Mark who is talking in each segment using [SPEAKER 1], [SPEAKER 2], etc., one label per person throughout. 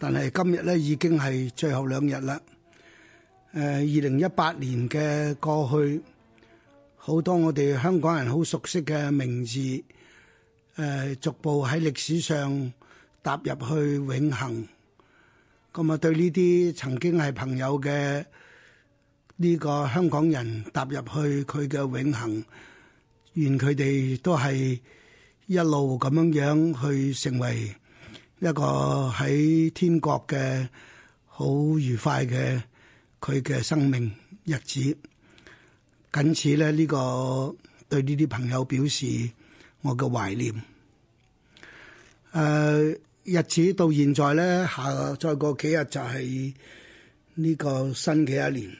[SPEAKER 1] 但係今日咧，已經係最後兩日啦。誒，二零一八年嘅過去，好多我哋香港人好熟悉嘅名字，誒，逐步喺歷史上踏入去永恆。咁啊，對呢啲曾經係朋友嘅呢個香港人踏入去佢嘅永恆，願佢哋都係一路咁樣樣去成為一個喺天國嘅好愉快嘅佢嘅生命日子，僅此咧呢、這個對呢啲朋友表示我嘅懷念。誒、呃，日子到現在咧，下再過幾日就係呢個新嘅一年。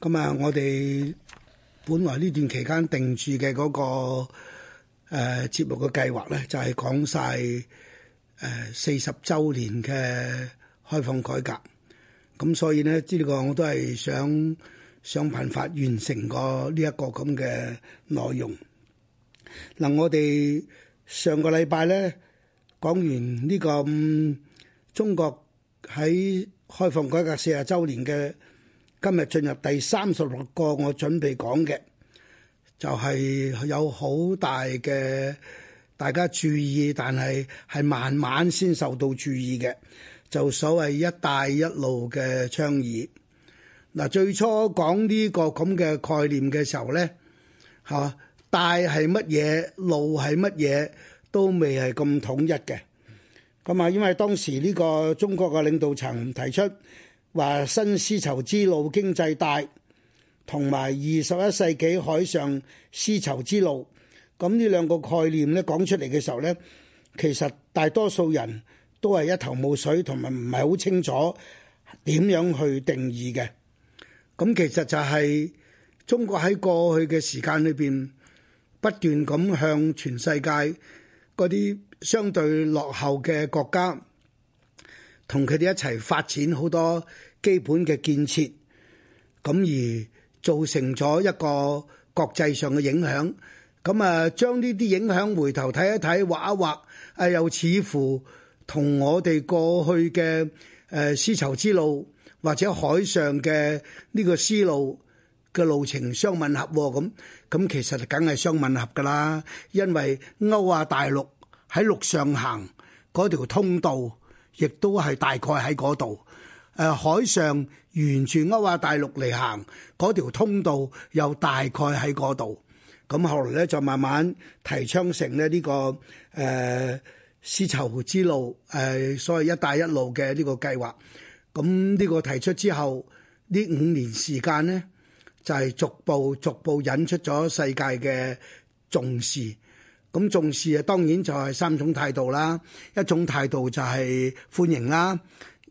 [SPEAKER 1] 咁、嗯、啊，我哋本來呢段期間定住嘅嗰、那個誒、呃、節目嘅計劃咧，就係、是、講晒。誒四十週年嘅開放改革，咁所以呢，呢個我都係想想辦法完成個呢一個咁嘅內容。嗱，我哋上個禮拜呢，講完呢個、嗯、中國喺開放改革四十週年嘅今日進入第三十六個，我準備講嘅就係有好大嘅。大家注意，但係係慢慢先受到注意嘅，就所謂一帶一路嘅倡議。嗱，最初講呢個咁嘅概念嘅時候咧，吓，帶係乜嘢，路係乜嘢，都未係咁統一嘅。咁啊，因為當時呢個中國嘅領導層提出話新絲綢之路經濟帶同埋二十一世紀海上絲綢之路。咁呢兩個概念咧講出嚟嘅時候咧，其實大多數人都係一頭霧水，同埋唔係好清楚點樣去定義嘅。咁其實就係中國喺過去嘅時間裏邊，不斷咁向全世界嗰啲相對落後嘅國家同佢哋一齊發展好多基本嘅建設，咁而造成咗一個國際上嘅影響。咁啊，將呢啲影響回頭睇一睇，畫一畫，誒又似乎同我哋過去嘅誒絲綢之路或者海上嘅呢個絲路嘅路程相吻合喎，咁咁其實梗係相吻合㗎喇，因為歐亞大陸喺陸上行嗰條通道，亦都係大概喺嗰度；誒海上沿住歐亞大陸嚟行嗰條通道，又大概喺嗰度。咁後來咧就慢慢提倡成咧、這、呢個誒、呃、絲綢之路誒、呃、所謂一帶一路嘅呢個計劃。咁呢個提出之後，呢五年時間咧就係、是、逐步逐步引出咗世界嘅重視。咁重視啊，當然就係三種態度啦。一種態度就係歡迎啦，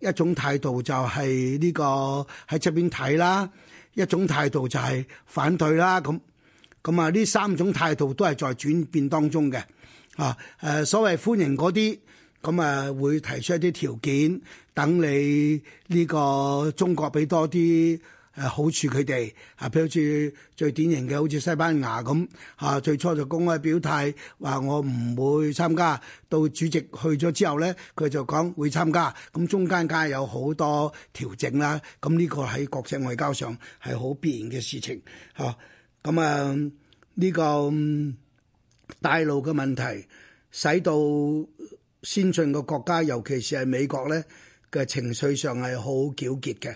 [SPEAKER 1] 一種態度就係呢個喺出邊睇啦，一種態度就係反對啦咁。咁啊，呢三種態度都係在轉變當中嘅，啊，誒所謂歡迎嗰啲，咁啊會提出一啲條件，等你呢個中國俾多啲誒好處佢哋，啊，譬如好似最典型嘅，好似西班牙咁，啊，最初就公開表態話我唔會參加，到主席去咗之後咧，佢就講會參加，咁中間梗係有好多調整啦，咁呢個喺國際外交上係好必然嘅事情，嚇。咁啊，呢個大陸嘅問題，使到先進嘅國家，尤其是係美國咧嘅情緒上係好糾結嘅。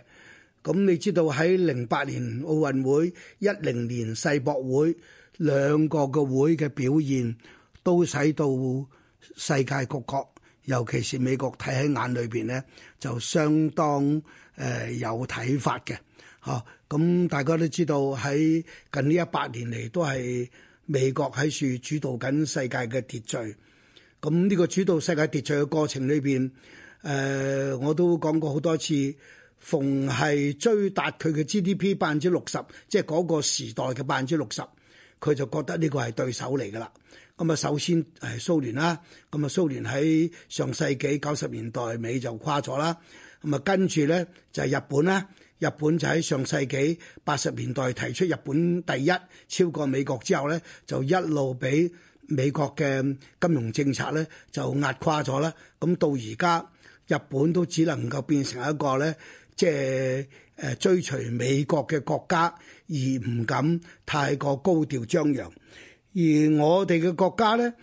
[SPEAKER 1] 咁你知道喺零八年奧運會、一零年世博會兩個嘅會嘅表現，都使到世界各國，尤其是美國睇喺眼裏邊咧，就相當誒有睇法嘅。哦，咁、嗯、大家都知道喺近呢一百年嚟都係美國喺處主導緊世界嘅秩序。咁、嗯、呢、這個主導世界秩序嘅過程裏邊，誒、呃、我都講過好多次，逢係追達佢嘅 GDP 百分之六十，即係嗰個時代嘅百分之六十，佢就覺得呢個係對手嚟㗎啦。咁、嗯、啊，首先係蘇聯啦，咁、嗯、啊、嗯、蘇聯喺上世紀九十年代尾就垮咗啦。咁、嗯、啊跟住咧就係、是、日本啦。日本就喺上世紀八十年代提出日本第一，超過美國之後咧，就一路俾美國嘅金融政策咧就壓垮咗啦。咁到而家，日本都只能夠變成一個咧，即係誒追隨美國嘅國家，而唔敢太過高調張揚。而我哋嘅國家咧，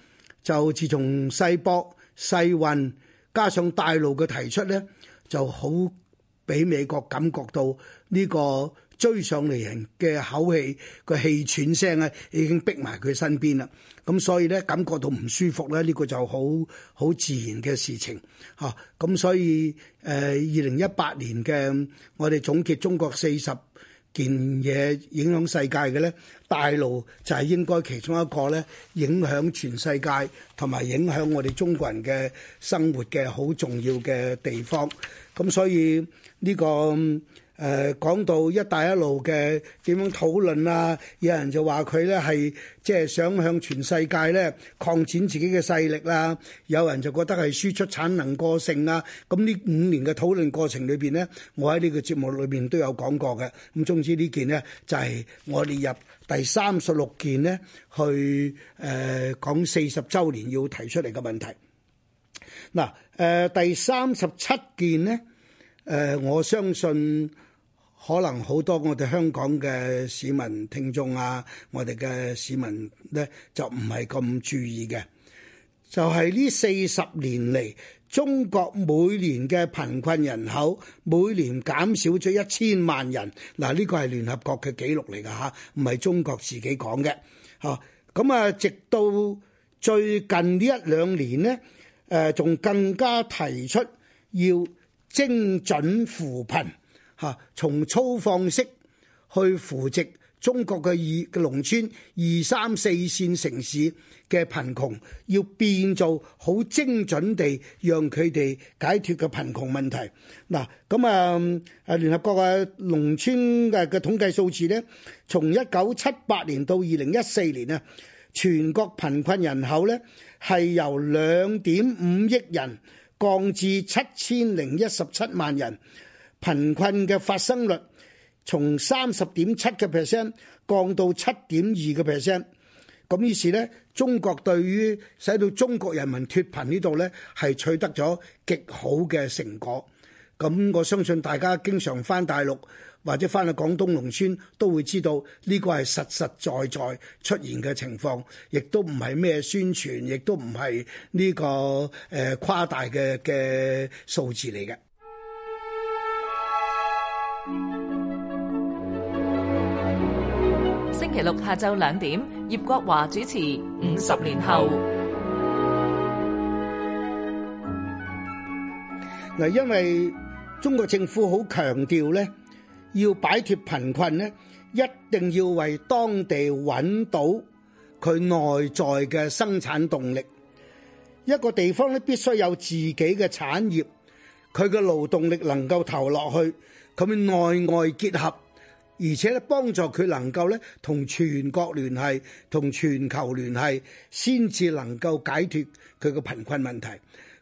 [SPEAKER 1] 就自從世博世運，加上大陸嘅提出咧，就好。俾美國感覺到呢個追上嚟人嘅口氣，個氣喘聲咧已經逼埋佢身邊啦。咁所以咧，感覺到唔舒服咧，呢個就好好自然嘅事情嚇。咁所以誒，二零一八年嘅我哋總結中國四十件嘢影響世界嘅咧，大陸就係應該其中一個咧，影響全世界同埋影響我哋中國人嘅生活嘅好重要嘅地方。咁所以。呢、這個誒、呃、講到一帶一路嘅點樣討論啊，有人就話佢咧係即係想向全世界咧擴展自己嘅勢力啦、啊，有人就覺得係輸出產能過剩啊。咁呢五年嘅討論過程裏邊呢，我喺呢個節目裏邊都有講過嘅。咁總之呢件呢，就係、是、我列入第三十六件呢去誒、呃、講四十週年要提出嚟嘅問題。嗱誒、呃、第三十七件呢。誒、呃，我相信可能好多我哋香港嘅市民聽眾啊，我哋嘅市民咧就唔係咁注意嘅。就係呢四十年嚟，中國每年嘅貧困人口每年減少咗一千萬人。嗱、呃、呢、這個係聯合國嘅記錄嚟噶吓，唔係中國自己講嘅。吓，咁啊，直到最近呢一兩年呢，誒、呃，仲更加提出要。精準扶貧，嚇，從粗放式去扶植中國嘅二嘅農村二三四線城市嘅貧窮，要變做好精準地讓佢哋解決嘅貧窮問題。嗱，咁、嗯、啊，啊聯合國嘅農村嘅嘅統計數字呢，從一九七八年到二零一四年啊，全國貧困人口呢係由兩點五億人，降至七千零一十七萬人，貧困嘅發生率從三十點七個 percent 降到七點二個 percent，咁於是呢，中國對於使到中國人民脫貧呢度呢，係取得咗極好嘅成果。咁我相信大家經常返大陸。或者翻去廣東農村都會知道呢個係實實在在出現嘅情況，亦都唔係咩宣傳，亦都唔係呢個誒誇大嘅嘅數字嚟嘅。星期六下晝兩點，葉國華主持《五十年後》五十年後。嗱，因為中國政府好強調咧。要擺脫貧困咧，一定要為當地揾到佢內在嘅生產動力。一個地方咧必須有自己嘅產業，佢嘅勞動力能夠投落去，佢咪內外結合，而且咧幫助佢能夠咧同全國聯繫、同全球聯繫，先至能夠解決佢嘅貧困問題。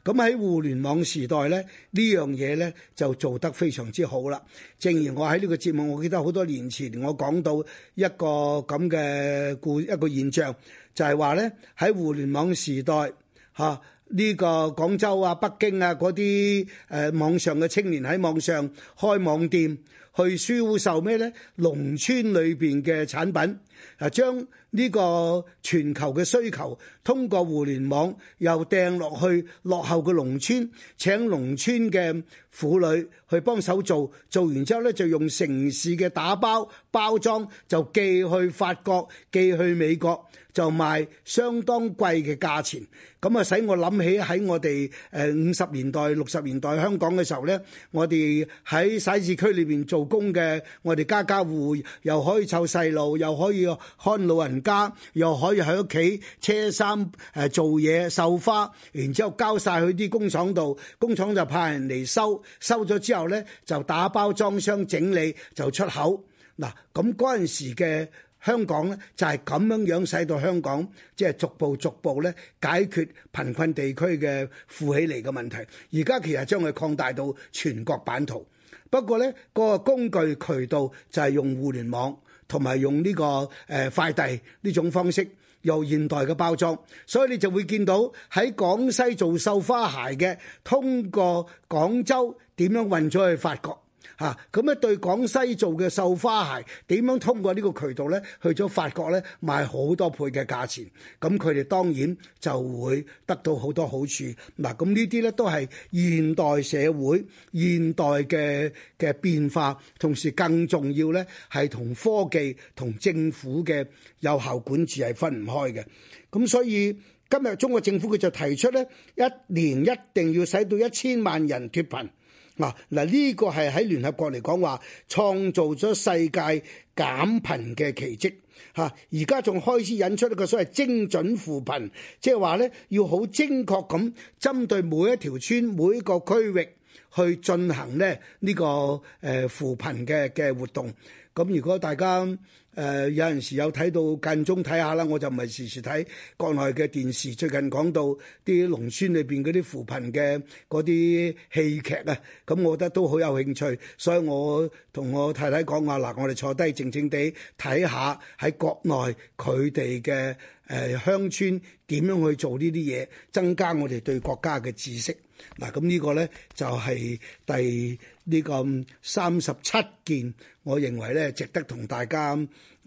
[SPEAKER 1] 咁喺互聯網時代呢，呢樣嘢呢就做得非常之好啦。正如我喺呢個節目，我記得好多年前我講到一個咁嘅故一個現象，就係話呢，喺互聯網時代，嚇呢個廣州啊、北京啊嗰啲誒網上嘅青年喺網上開網店。去銷售咩咧？農村裏邊嘅產品，啊，將呢個全球嘅需求通過互聯網又掟落去落後嘅農村，請農村嘅婦女去幫手做，做完之後咧就用城市嘅打包包裝，就寄去法國，寄去美國，就賣相當貴嘅價錢。咁啊，使我諗起喺我哋誒五十年代、六十年代香港嘅時候咧，我哋喺市區裏邊做。做工嘅，我哋家家戶戶又可以湊細路，又可以看老人家，又可以喺屋企車衫誒、呃、做嘢繡花，然之後交晒去啲工廠度，工廠就派人嚟收，收咗之後呢，就打包裝箱整理就出口。嗱，咁嗰陣時嘅香港呢，就係、是、咁樣樣，使到香港即係、就是、逐步逐步呢解決貧困地區嘅富起嚟嘅問題。而家其實將佢擴大到全國版圖。不過呢個工具渠道就係用互聯網同埋用呢個誒快遞呢種方式，由現代嘅包裝，所以你就會見到喺廣西做繡花鞋嘅，通過廣州點樣運咗去法國。嚇，咁咧、啊、對廣西做嘅繡花鞋點樣通過呢個渠道咧去咗法國咧賣好多倍嘅價錢，咁佢哋當然就會得到好多好處嗱。咁呢啲咧都係現代社會，現代嘅嘅變化，同時更重要咧係同科技同政府嘅有效管治係分唔開嘅。咁所以今日中國政府佢就提出咧，一年一定要使到一千萬人脫貧。嗱嗱，呢、啊這個係喺聯合國嚟講話創造咗世界減貧嘅奇蹟嚇，而家仲開始引出一個所謂精準扶貧，即係話咧要好精確咁針對每一條村每一個區域去進行咧呢、這個誒、呃、扶貧嘅嘅活動。咁、啊、如果大家，誒、呃、有陣時有睇到間中睇下啦，我就唔係時時睇國內嘅電視。最近講到啲農村裏面嗰啲扶貧嘅嗰啲戲劇啊，咁我覺得都好有興趣，所以我同我太太講話，嗱、啊，我哋坐低靜靜地睇下喺國內佢哋嘅。誒鄉村點樣去做呢啲嘢，增加我哋對國家嘅知識嗱。咁呢個咧就係第呢個三十七件，我認為咧值得同大家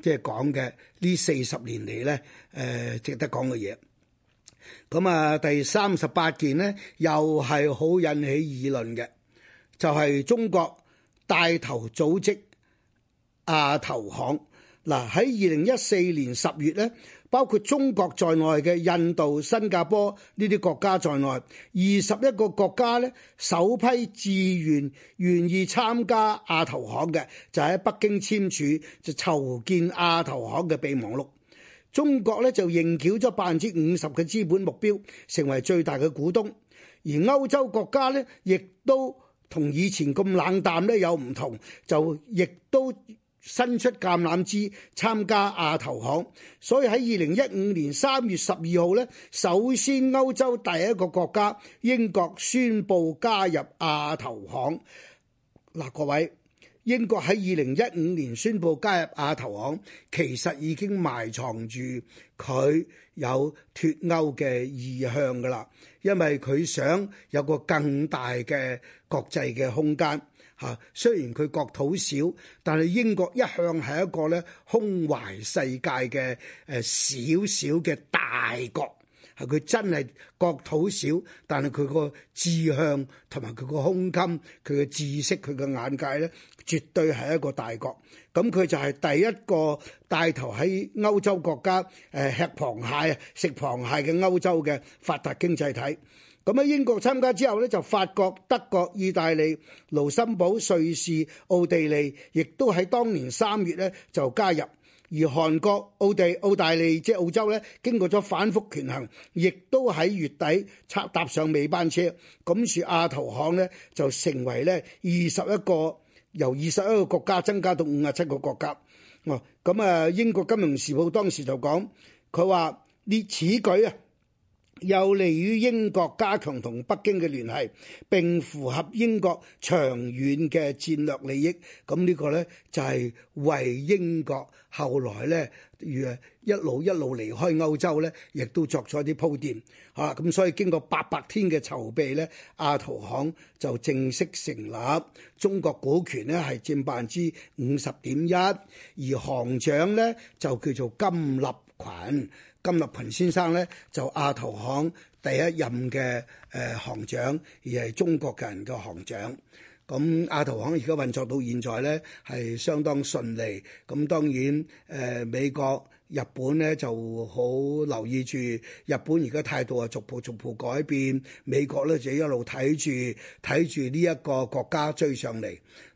[SPEAKER 1] 即係講嘅呢四十年嚟咧誒值得講嘅嘢。咁啊，第三十八件呢，又係好引起議論嘅，就係中國帶頭組織亞投行嗱。喺二零一四年十月咧。包括中國在內嘅印度、新加坡呢啲國家在內，二十一個國家呢首批志願願意參加亞投行嘅，就喺北京簽署就籌建亞投行嘅備忘錄。中國呢就認繳咗百分之五十嘅資本目標，成為最大嘅股東。而歐洲國家呢，亦都同以前咁冷淡呢有唔同，就亦都伸出橄欖枝參加亞投行，所以喺二零一五年三月十二號呢，首先歐洲第一個國家英國宣布加入亞投行。嗱，各位，英國喺二零一五年宣布加入亞投行，其實已經埋藏住佢有脫歐嘅意向噶啦，因為佢想有個更大嘅國際嘅空間。嚇！雖然佢國土少，但係英國一向係一個咧胸懷世界嘅誒小小嘅大國。係佢真係國土少，但係佢個志向同埋佢個胸襟、佢嘅知識、佢嘅眼界咧，絕對係一個大國。咁佢就係第一個帶頭喺歐洲國家誒吃螃蟹、食螃蟹嘅歐洲嘅發達經濟體。咁咧，英國參加之後咧，就法國、德國、意大利、盧森堡、瑞士、奧地利，亦都喺當年三月咧就加入。而韓國、奧地、澳大利即係澳洲咧，經過咗反覆權衡，亦都喺月底插搭上尾班車。咁住亞投行咧就成為咧二十一個由二十一個國家增加到五十七個國家。哦，咁啊，英國金融時報當時就講，佢話呢此舉啊，有利於英國加強同北京嘅聯繫，並符合英國長遠嘅戰略利益。咁呢個呢，就係、是、為英國後來呢誒一路一路離開歐洲呢，亦都作咗啲鋪墊。嚇咁所以經過八百天嘅籌備呢，亞、啊、投行就正式成立，中國股權呢係佔百分之五十點一，而行長呢，就叫做金立群。金立群先生咧就亞投行第一任嘅誒、呃、行長，而係中國人嘅行長。咁、嗯、亞投行而家運作到現在咧係相當順利。咁、嗯、當然誒、呃、美國、日本咧就好留意住，日本而家態度啊逐步逐步改變，美國咧就一路睇住睇住呢一個國家追上嚟。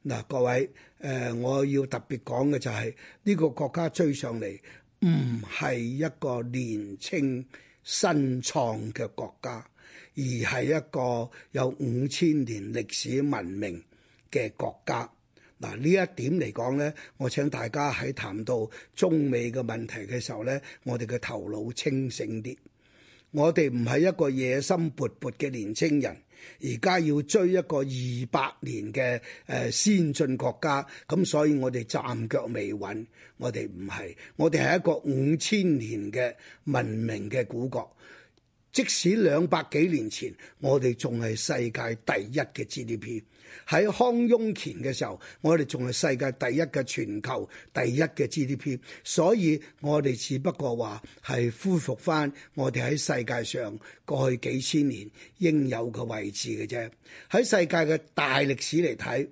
[SPEAKER 1] 嗱、呃，各位誒、呃、我要特別講嘅就係、是、呢、這個國家追上嚟。唔係一個年青新創嘅國家，而係一個有五千年歷史文明嘅國家。嗱，呢一點嚟講呢，我請大家喺談到中美嘅問題嘅時候呢，我哋嘅頭腦清醒啲。我哋唔係一個野心勃勃嘅年青人，而家要追一個二百年嘅誒先進國家，咁所以我哋站腳未穩，我哋唔係，我哋係一個五千年嘅文明嘅古國，即使兩百幾年前，我哋仲係世界第一嘅 GDP。喺康雍乾嘅時候，我哋仲係世界第一嘅，全球第一嘅 GDP，所以我哋只不過話係恢復翻我哋喺世界上過去幾千年應有嘅位置嘅啫。喺世界嘅大歷史嚟睇，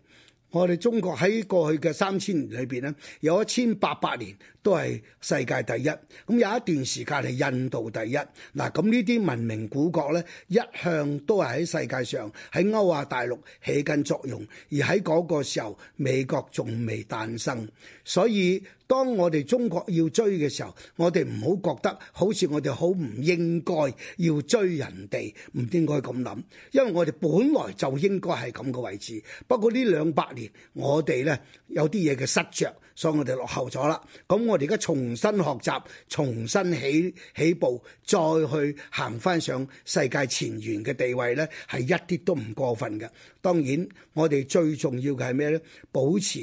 [SPEAKER 1] 我哋中國喺過去嘅三千年裏邊咧，有一千八百年，都係世界第一，咁有一段時間係印度第一，嗱，咁呢啲文明古國呢，一向都係喺世界上喺歐亞大陸起緊作用，而喺嗰個時候，美國仲未誕生，所以當我哋中國要追嘅時候，我哋唔好覺得好似我哋好唔應該要追人哋，唔應該咁諗，因為我哋本來就應該係咁嘅位置，不過呢兩百年我哋呢，有啲嘢嘅失着，所以我哋落後咗啦，咁我。我哋而家重新學習，重新起起步，再去行翻上世界前沿嘅地位呢，係一啲都唔過分嘅。當然，我哋最重要嘅係咩咧？保持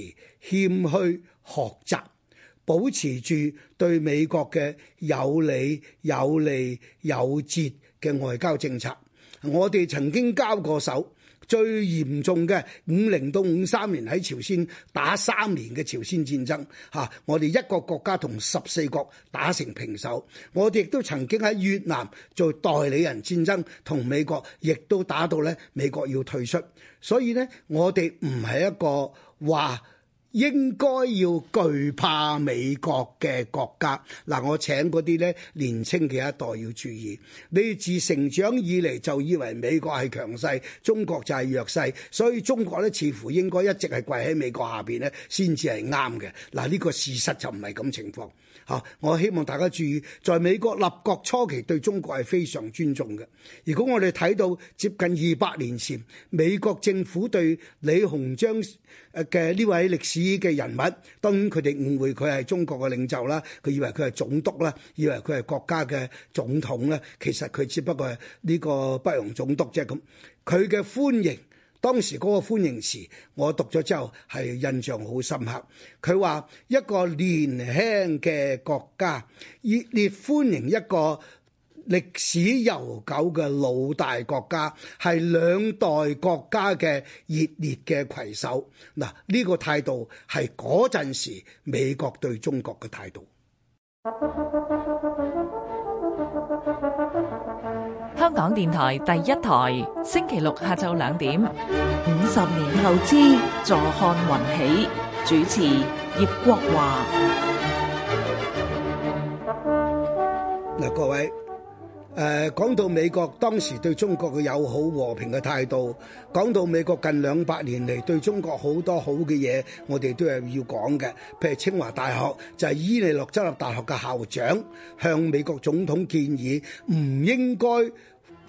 [SPEAKER 1] 謙虛學習，保持住對美國嘅有理有利、有節嘅外交政策。我哋曾經交過手。最嚴重嘅五零到五三年喺朝鮮打三年嘅朝鮮戰爭，嚇、啊、我哋一個國家同十四國打成平手。我哋亦都曾經喺越南做代理人戰爭，同美國亦都打到咧美國要退出。所以咧，我哋唔係一個話，應該要懼怕美國嘅國家嗱、啊，我請嗰啲咧年青嘅一代要注意，你自成長以嚟就以為美國係強勢，中國就係弱勢，所以中國咧似乎應該一直係跪喺美國下邊咧，先至係啱嘅。嗱、啊，呢、這個事實就唔係咁情況嚇、啊。我希望大家注意，在美國立國初期對中國係非常尊重嘅。如果我哋睇到接近二百年前美國政府對李鴻章。嘅呢位歷史嘅人物，當然佢哋誤會佢係中國嘅領袖啦，佢以為佢係總督啦，以為佢係國家嘅總統咧，其實佢只不過係呢個北洋總督啫咁。佢嘅歡迎，當時嗰個歡迎詞，我讀咗之後係印象好深刻。佢話一個年輕嘅國家熱烈歡迎一個歷史悠久嘅老大國家，係兩代國家嘅熱烈嘅携手。嗱，呢、這個態度係嗰陣時美國對中國嘅態度。香港電台第一台，星期六下晝兩點，五十年後之，坐看雲起，主持葉國華。嗱，各位。誒，講到美國當時對中國嘅友好和平嘅態度，講到美國近兩百年嚟對中國好多好嘅嘢，我哋都係要講嘅。譬如清華大學就係伊利諾州立大學嘅校長向美國總統建議唔應該。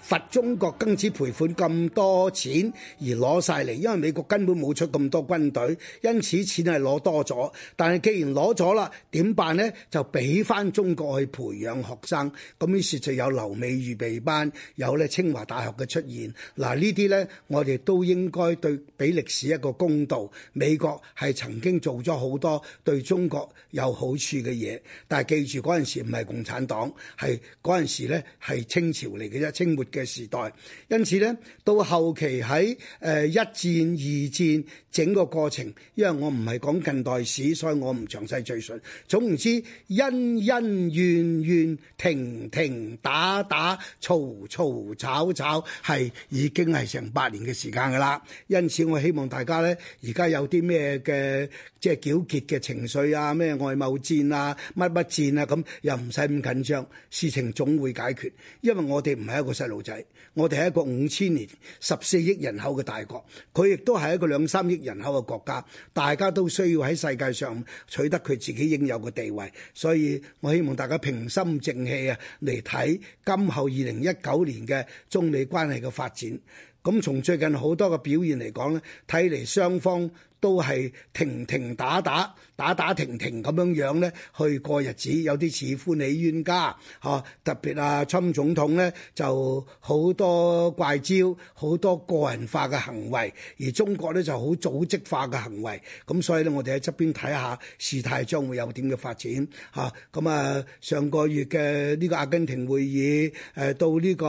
[SPEAKER 1] 罰中國庚子賠款咁多錢而攞晒嚟，因為美國根本冇出咁多軍隊，因此錢係攞多咗。但係既然攞咗啦，點辦呢？就俾翻中國去培養學生。咁於是就有留美預備班，有咧清華大學嘅出現。嗱、啊，呢啲呢，我哋都應該對俾歷史一個公道。美國係曾經做咗好多對中國有好處嘅嘢，但係記住嗰陣時唔係共產黨，係嗰陣時咧係清朝嚟嘅啫，清末。嘅時代，因此咧到後期喺誒、呃、一戰二戰整個過程，因為我唔係講近代史，所以我唔詳細追述。總言之，恩恩怨怨，停停打打，嘈嘈吵吵，係已經係成百年嘅時間㗎啦。因此我希望大家咧，而家有啲咩嘅即係糾結嘅情緒啊，咩外貿戰啊、乜乜戰啊，咁又唔使咁緊張，事情總會解決，因為我哋唔係一個細路。仔，我哋係一個五千年、十四億人口嘅大國，佢亦都係一個兩三億人口嘅國家，大家都需要喺世界上取得佢自己應有嘅地位，所以我希望大家平心靜氣啊，嚟睇今後二零一九年嘅中美關係嘅發展。咁從最近好多嘅表現嚟講呢，睇嚟雙方。都係停停打打，打打停停咁樣樣咧，去過日子。有啲似歡喜冤家，嚇、啊！特別啊，侵總統咧就好多怪招，好多個人化嘅行為，而中國咧就好組織化嘅行為。咁所以咧，我哋喺側邊睇下事態將會有點嘅發展嚇。咁啊，啊，上個月嘅呢個阿根廷會議，誒、啊、到呢、這個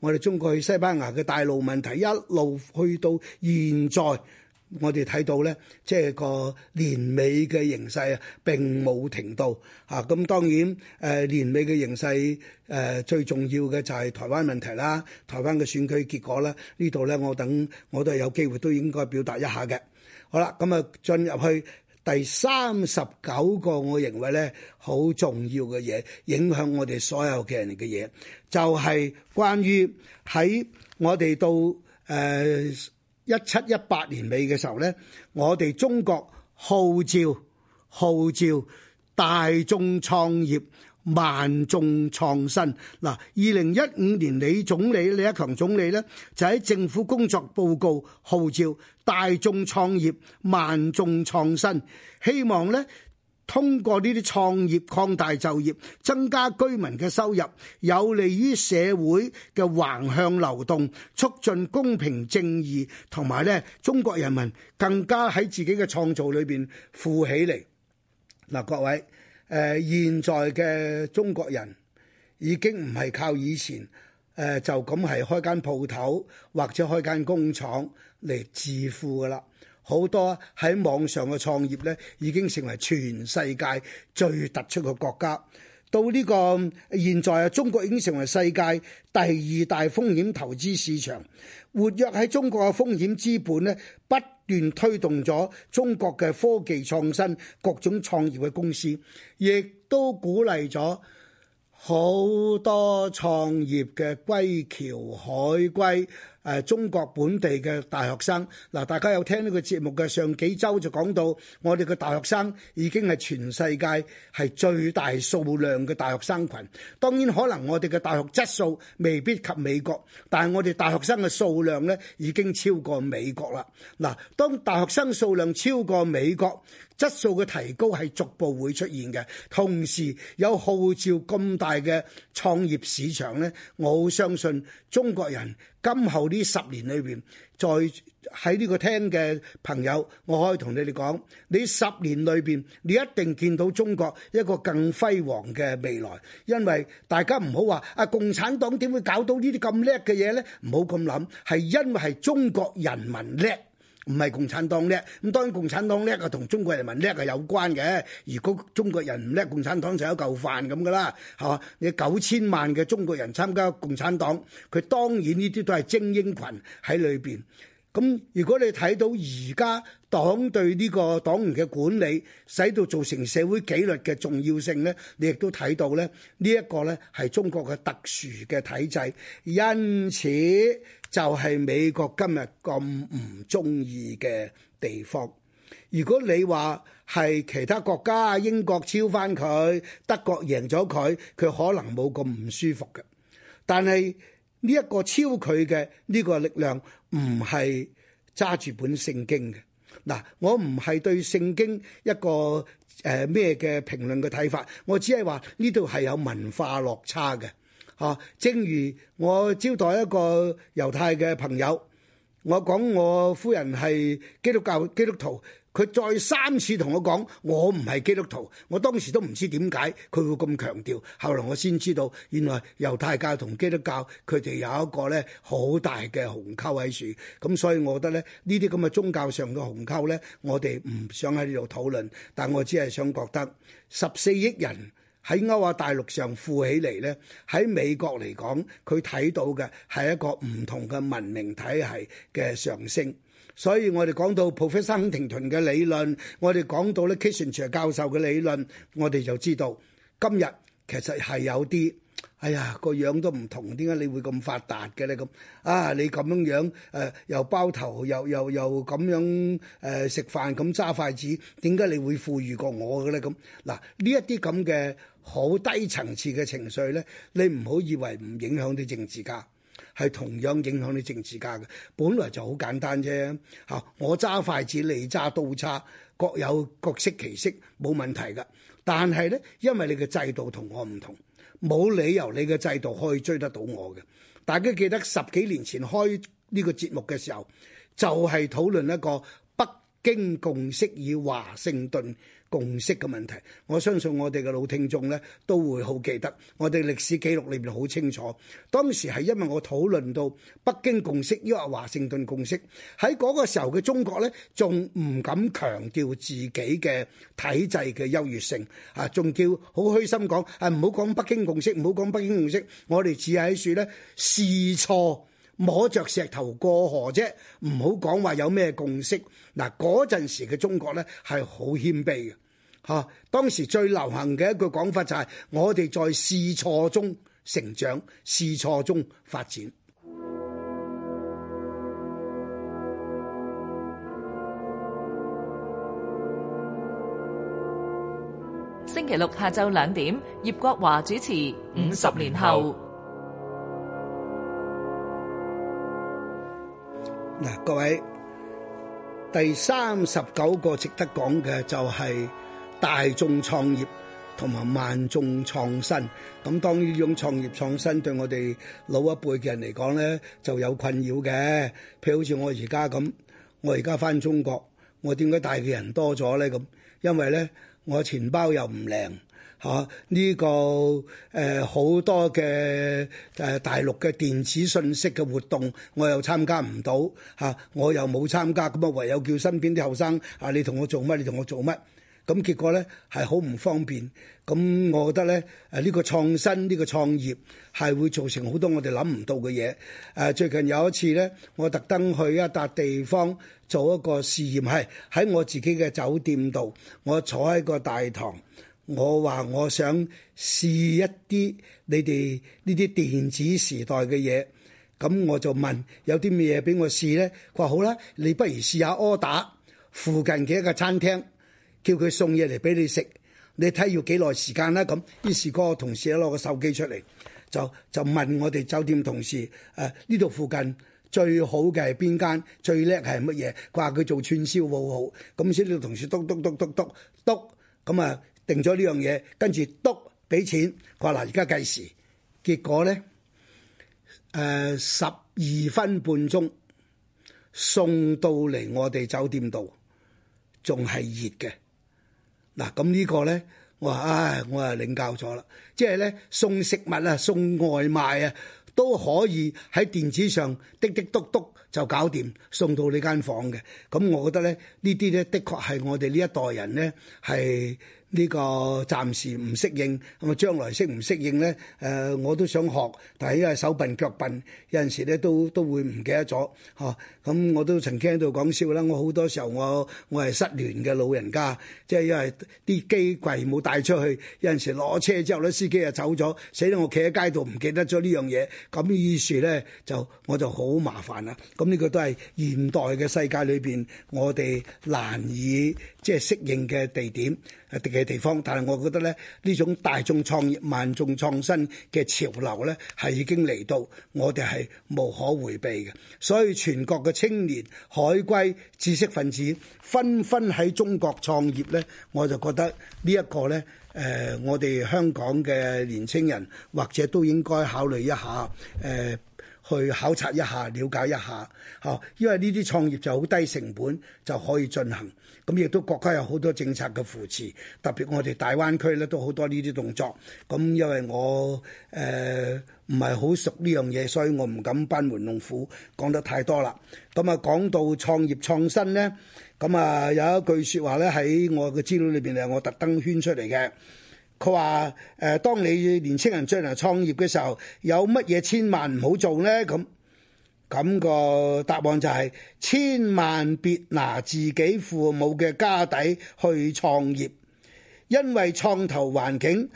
[SPEAKER 1] 我哋中國去西班牙嘅大陸問題，一路去到現在。我哋睇到咧，即係個年尾嘅形勢並冇停到吓。咁、啊、當然誒、呃，年尾嘅形勢誒、呃、最重要嘅就係台灣問題啦，台灣嘅選舉結果啦。呢度咧，我等我都係有機會都應該表達一下嘅。好啦，咁、嗯、啊進入去第三十九個，我認為咧好重要嘅嘢，影響我哋所有嘅人嘅嘢，就係、是、關於喺我哋到誒。呃一七一八年尾嘅時候呢，我哋中國號召號召大眾創業、萬眾創新。嗱，二零一五年李總理、李克強總理呢就喺政府工作報告號召大眾創業、萬眾創新，希望呢。通過呢啲創業擴大就業，增加居民嘅收入，有利於社會嘅橫向流動，促進公平正義，同埋咧，中國人民更加喺自己嘅創造裏邊富起嚟。嗱、呃，各位，誒、呃，現在嘅中國人已經唔係靠以前誒、呃、就咁係開間鋪頭或者開間工廠嚟致富噶啦。好多喺網上嘅創業呢，已經成為全世界最突出嘅國家。到呢個現在啊，中國已經成為世界第二大風險投資市場。活躍喺中國嘅風險資本呢，不斷推動咗中國嘅科技創新，各種創業嘅公司，亦都鼓勵咗好多創業嘅歸僑海歸。誒，中國本地嘅大學生，嗱，大家有聽呢個節目嘅上幾週就講到，我哋嘅大學生已經係全世界係最大數量嘅大學生群。當然可能我哋嘅大學質素未必及美國，但係我哋大學生嘅數量咧已經超過美國啦。嗱，當大學生數量超過美國。質素嘅提高係逐步會出現嘅，同時有號召咁大嘅創業市場呢，我相信中國人今後呢十年裏邊，再喺呢個廳嘅朋友，我可以同你哋講，你十年裏邊你一定見到中國一個更輝煌嘅未來，因為大家唔好話啊，共產黨點會搞到呢啲咁叻嘅嘢呢？唔好咁諗，係因為係中國人民叻。唔係共產黨叻，咁當然共產黨叻啊，同中國人民叻係有關嘅。如果中國人唔叻，共產黨就有嚿飯咁噶啦，嚇！你九千萬嘅中國人參加共產黨，佢當然呢啲都係精英群喺裏邊。咁如果你睇到而家黨對呢個黨員嘅管理，使到造成社會紀律嘅重要性呢，你亦都睇到咧，呢一個呢係中國嘅特殊嘅體制，因此，就係美國今日咁唔中意嘅地方。如果你話係其他國家，英國超返佢，德國贏咗佢，佢可能冇咁唔舒服嘅。但係呢一個超佢嘅呢個力量，唔係揸住本聖經嘅嗱。我唔係對聖經一個誒咩嘅評論嘅睇法，我只係話呢度係有文化落差嘅。啊！正如我招待一個猶太嘅朋友，我講我夫人係基督教、基督徒，佢再三次同我講我唔係基督徒，我當時都唔知點解佢會咁強調，後來我先知道原來猶太教同基督教佢哋有一個咧好大嘅鴻溝喺處，咁所以我覺得咧呢啲咁嘅宗教上嘅鴻溝咧，我哋唔想喺呢度討論，但我只係想覺得十四億人。喺歐亞大陸上富起嚟咧，喺美國嚟講，佢睇到嘅係一個唔同嘅文明體系嘅上升。所以我哋講到 Professor Huntington 嘅理論，我哋講到咧 Kissinger 教授嘅理論，我哋就知道今日。其實係有啲，哎呀個樣都唔同，點解你會咁發達嘅咧？咁啊，你咁樣樣誒、呃，又包頭，又又又咁樣誒、呃、食飯，咁揸筷子，點解你會富裕過我嘅咧？咁、啊、嗱，呢一啲咁嘅好低層次嘅情緒咧，你唔好以為唔影響啲政治家，係同樣影響啲政治家嘅。本來就好簡單啫嚇、啊，我揸筷子，你揸刀叉，各有各適其適，冇問題㗎。但係呢，因為你嘅制度同我唔同，冇理由你嘅制度可以追得到我嘅。大家記得十幾年前開呢個節目嘅時候，就係討論一個北京共識與華盛頓共識嘅問題，我相信我哋嘅老聽眾呢都會好記得，我哋歷史記錄裏面好清楚。當時係因為我討論到北京共識，抑或華盛頓共識，喺嗰個時候嘅中國呢，仲唔敢強調自己嘅體制嘅優越性，啊，仲叫好虛心講，誒唔好講北京共識，唔好講北京共識，我哋只係喺處呢試錯，摸着石頭過河啫，唔好講話有咩共識。嗱、啊，嗰陣時嘅中國呢，係好謙卑嘅。嚇！當時最流行嘅一句講法就係我哋在試錯中成長，試錯中發展。星期六下晝兩點，葉國華主持《五十年後》。嗱，各位，第三十九個值得講嘅就係、係。大眾創業同埋萬眾創新，咁當呢種創業創新對我哋老一輩嘅人嚟講咧，就有困擾嘅。譬如好似我而家咁，我而家翻中國，我點解大嘅人多咗咧？咁因為咧，我錢包又唔靚，吓、啊、呢、這個誒好、呃、多嘅誒、啊、大陸嘅電子信息嘅活動，我又參加唔到，吓、啊、我又冇參加，咁啊唯有叫身邊啲後生啊，你同我做乜？你同我做乜？咁結果咧係好唔方便，咁我覺得咧誒呢個創新呢個創業係會造成好多我哋諗唔到嘅嘢。誒最近有一次咧，我特登去一笪地方做一個試驗，係喺我自己嘅酒店度，我坐喺個大堂，我話我想試一啲你哋呢啲電子時代嘅嘢，咁我就問有啲咩嘢俾我試咧？佢話好啦，你不如試下柯打附近嘅一個餐廳。叫佢送嘢嚟俾你食，你睇要幾耐時間啦咁。於是個同事一攞個手機出嚟，就就問我哋酒店同事：誒呢度附近最好嘅係邊間？最叻係乜嘢？佢話佢做串燒好好。咁先，呢個同事篤篤篤篤篤篤，咁啊定咗呢樣嘢，跟住篤俾錢。佢話嗱，而家計時。結果咧，誒十二分半鐘送到嚟我哋酒店度，仲係熱嘅。嗱咁呢個咧，我話唉，我啊領教咗啦，即係咧送食物啊、送外賣啊，都可以喺電子上滴滴嘟嘟就搞掂，送到你間房嘅。咁我覺得咧，呢啲咧，的確係我哋呢一代人咧係。呢個暫時唔適應，咁啊將來適唔適應呢？誒、呃，我都想學，但係因為手笨腳笨，有陣時呢都都會唔記得咗，嗬、啊！咁我都曾經喺度講笑啦。我好多時候我我係失聯嘅老人家，即係因為啲機櫃冇帶出去，有陣時攞車之後呢，司機又走咗，死到我企喺街度唔記得咗呢樣嘢，咁於是呢，就我就好麻煩啦。咁呢個都係現代嘅世界裏邊，我哋難以。即係適應嘅地點嘅地方，但係我覺得呢呢種大眾創業、萬眾創新嘅潮流呢，係已經嚟到，我哋係無可迴避嘅。所以全國嘅青年、海歸、知識分子紛紛喺中國創業呢，我就覺得呢一個呢，誒、呃，我哋香港嘅年青人或者都應該考慮一下誒。呃去考察一下，了解一下，嚇，因為呢啲創業就好低成本就可以進行，咁亦都國家有好多政策嘅扶持，特別我哋大灣區咧都好多呢啲動作。咁因為我誒唔係好熟呢樣嘢，所以我唔敢班門弄斧，講得太多啦。咁啊，講到創業創新呢，咁啊有一句説話呢，喺我嘅資料裏邊咧，我特登圈出嚟嘅。佢話：誒，當你年青人將來創業嘅時候，有乜嘢千萬唔好做呢？咁咁個答案就係，千萬別拿自己父母嘅家底去創業，因為創投環境，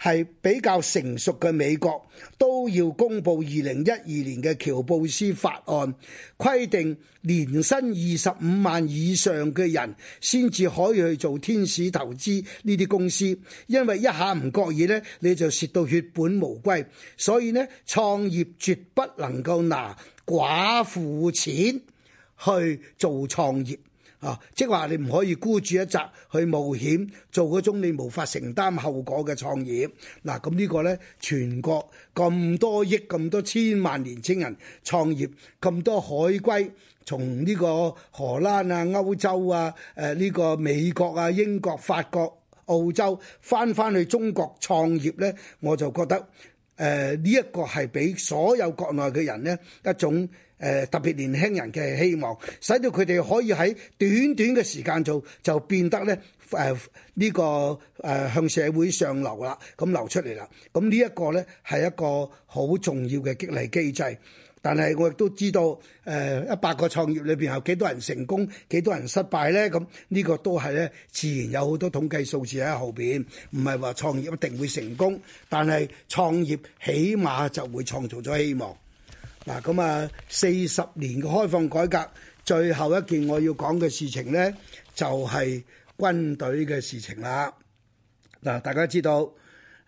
[SPEAKER 1] 係比較成熟嘅美國都要公布二零一二年嘅喬布斯法案，規定年薪二十五萬以上嘅人先至可以去做天使投資呢啲公司，因為一下唔覺意呢你就蝕到血本無歸，所以呢創業絕不能夠拿寡婦錢去做創業。啊！即係話你唔可以孤注一擲去冒險做嗰種你無法承擔後果嘅創業。嗱、啊，咁呢個呢，全國咁多億、咁多千萬年青人創業，咁多海歸從呢個荷蘭啊、歐洲啊、誒、呃、呢、呢個美國啊、英國、法國、澳洲返返去中國創業呢，我就覺得誒呢一個係畀所有國內嘅人呢一種。誒特別年輕人嘅希望，使到佢哋可以喺短短嘅時間做，就變得咧誒呢、呃這個誒、呃、向社會上流啦，咁流出嚟啦。咁、嗯這個、呢一個咧係一個好重要嘅激勵機制。但係我亦都知道，誒一百個創業裏邊有幾多人成功，幾多人失敗咧？咁、嗯、呢、這個都係咧自然有好多統計數字喺後邊，唔係話創業一定會成功，但係創業起碼就會創造咗希望。啊，咁啊，四十年嘅開放改革，最後一件我要講嘅事情呢，就係、是、軍隊嘅事情啦。嗱，大家知道，誒、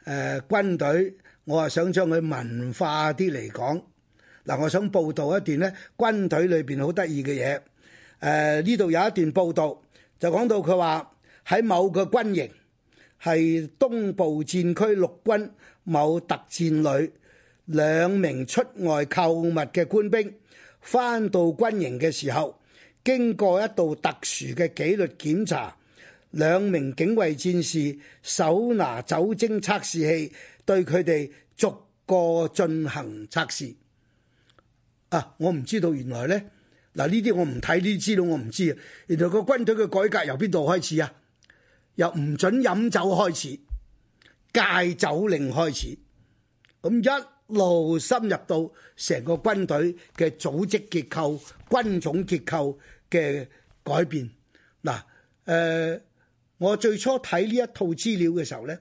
[SPEAKER 1] 呃、軍隊，我啊想將佢文化啲嚟講。嗱、呃，我想報道一段呢，軍隊裏邊好得意嘅嘢。誒呢度有一段報道，就講到佢話喺某個軍營，係東部戰區陸軍某特戰旅。兩名出外購物嘅官兵返到軍營嘅時候，經過一道特殊嘅紀律檢查，兩名警衛戰士手拿酒精測試器對佢哋逐個進行測試。啊！我唔知道原來呢。嗱呢啲我唔睇呢啲資料我唔知啊。原來個軍隊嘅改革由邊度開始啊？由唔準飲酒開始，戒酒令開始。咁一路深入到成個軍隊嘅組織結構、軍種結構嘅改變。嗱，誒、呃，我最初睇呢一套資料嘅時候呢，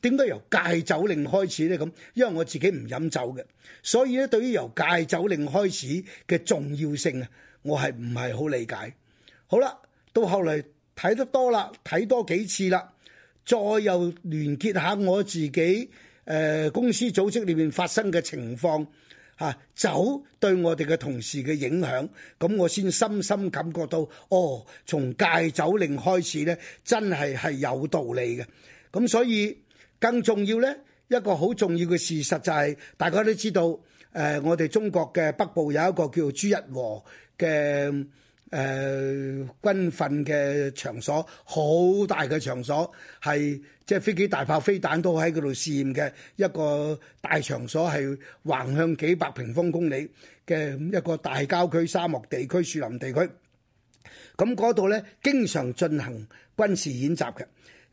[SPEAKER 1] 點解由戒酒令開始呢？咁，因為我自己唔飲酒嘅，所以咧對於由戒酒令開始嘅重要性啊，我係唔係好理解？好啦，到後嚟睇得多啦，睇多幾次啦，再又聯結下我自己。誒、呃、公司組織裏面發生嘅情況嚇、啊，酒對我哋嘅同事嘅影響，咁我先深深感覺到，哦，從戒酒令開始呢，真係係有道理嘅。咁所以更重要呢，一個好重要嘅事實就係、是，大家都知道，誒、呃、我哋中國嘅北部有一個叫做朱一和嘅。誒、呃，軍訓嘅場所，好大嘅場所係即係飛機大炮、飛彈都喺嗰度試驗嘅一個大場所，係橫向幾百平方公里嘅一個大郊區沙漠地區樹林地區，咁嗰度咧經常進行軍事演習嘅。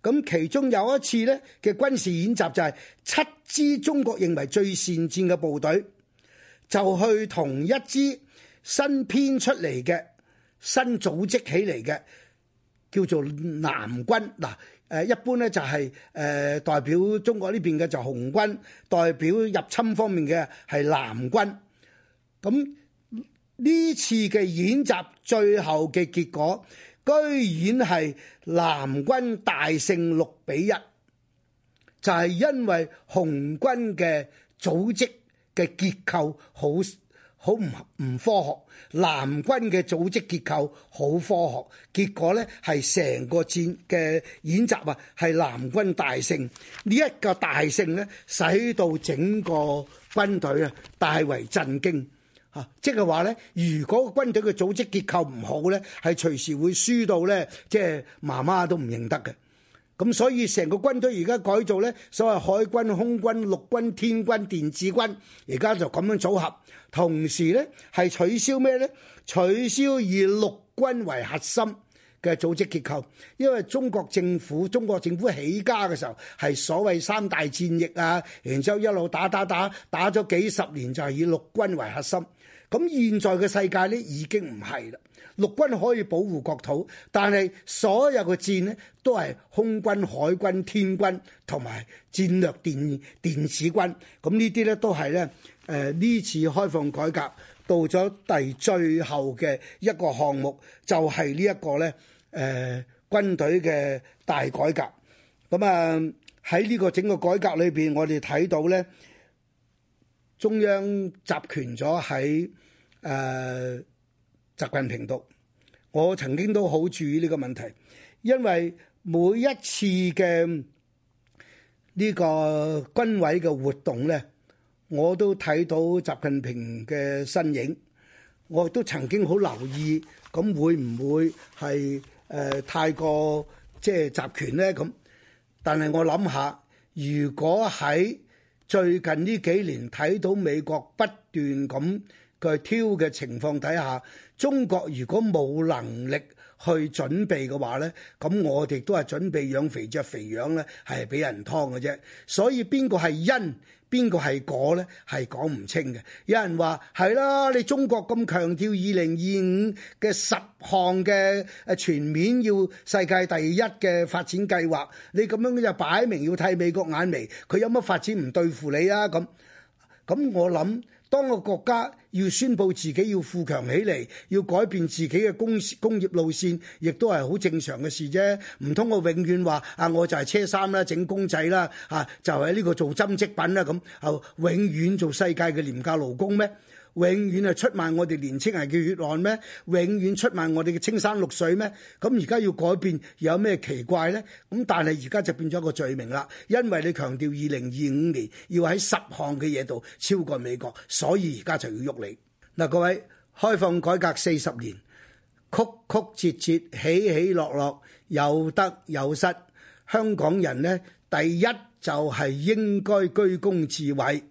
[SPEAKER 1] 咁其中有一次咧嘅軍事演習就係、是、七支中國認為最善戰嘅部隊就去同一支新編出嚟嘅。新組織起嚟嘅叫做藍軍嗱，誒一般咧就係、是、誒、呃、代表中國呢邊嘅就紅軍，代表入侵方面嘅係藍軍。咁呢次嘅演習最後嘅結果，居然係藍軍大勝六比一，就係因為紅軍嘅組織嘅結構好好唔唔科學，南軍嘅組織結構好科學，結果呢係成個戰嘅演習啊，係南軍大勝。呢、這、一個大勝呢，使到整個軍隊啊大為震驚啊。即係話呢，如果軍隊嘅組織結構唔好呢，係隨時會輸到呢，即、就、係、是、媽媽都唔認得嘅。咁所以成個軍隊而家改造呢，所謂海軍、空軍、陸軍、天軍、電子軍，而家就咁樣組合。同時呢，係取消咩呢？取消以陸軍為核心嘅組織結構，因為中國政府，中國政府起家嘅時候係所謂三大戰役啊，然之後一路打打打，打咗幾十年就係以陸軍為核心。咁現在嘅世界呢，已經唔係啦。陸軍可以保護國土，但係所有嘅戰呢都係空軍、海軍、天軍同埋戰略電電子軍。咁呢啲呢都係呢誒呢次開放改革到咗第最後嘅一個項目，就係、是、呢一個呢誒軍隊嘅大改革。咁啊喺呢個整個改革裏邊，我哋睇到呢中央集權咗喺誒。呃習近平讀，我曾經都好注意呢個問題，因為每一次嘅呢個軍委嘅活動咧，我都睇到習近平嘅身影，我亦都曾經好留意，咁會唔會係誒、呃、太過即係、呃、集權咧？咁，但係我諗下，如果喺最近呢幾年睇到美國不斷咁佢挑嘅情況底下，中國如果冇能力去準備嘅話呢，咁我哋都係準備養肥隻肥羊，呢係俾人劏嘅啫。所以邊個係因，邊個係果呢，係講唔清嘅。有人話係啦，你中國咁強調二零二五嘅十項嘅誒全面要世界第一嘅發展計劃，你咁樣就擺明要睇美國眼眉，佢有乜發展唔對付你啊？咁，咁我諗。當個國家要宣布自己要富強起嚟，要改變自己嘅工工業路線，亦都係好正常嘅事啫。唔通我永遠話啊，我就係車衫啦，整公仔啦，吓就係、是、呢個做針織品啦，咁啊永遠做世界嘅廉價勞工咩？永遠係出賣我哋年青人嘅血汗咩？永遠出賣我哋嘅青山綠水咩？咁而家要改變有咩奇怪呢？咁但係而家就變咗個罪名啦，因為你強調二零二五年要喺十項嘅嘢度超過美國，所以而家就要喐你嗱。各位開放改革四十年，曲曲折折，起起落落，有得有失。香港人呢，第一就係應該居功至偉。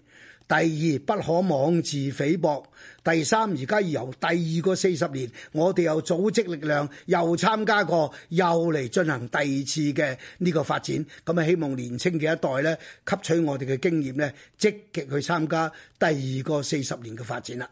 [SPEAKER 1] 第二不可妄自菲薄，第三而家由第二個四十年，我哋又組織力量，又參加過又嚟進行第二次嘅呢個發展。咁啊，希望年青嘅一代咧，吸取我哋嘅經驗咧，積極去參加第二個四十年嘅發展啦。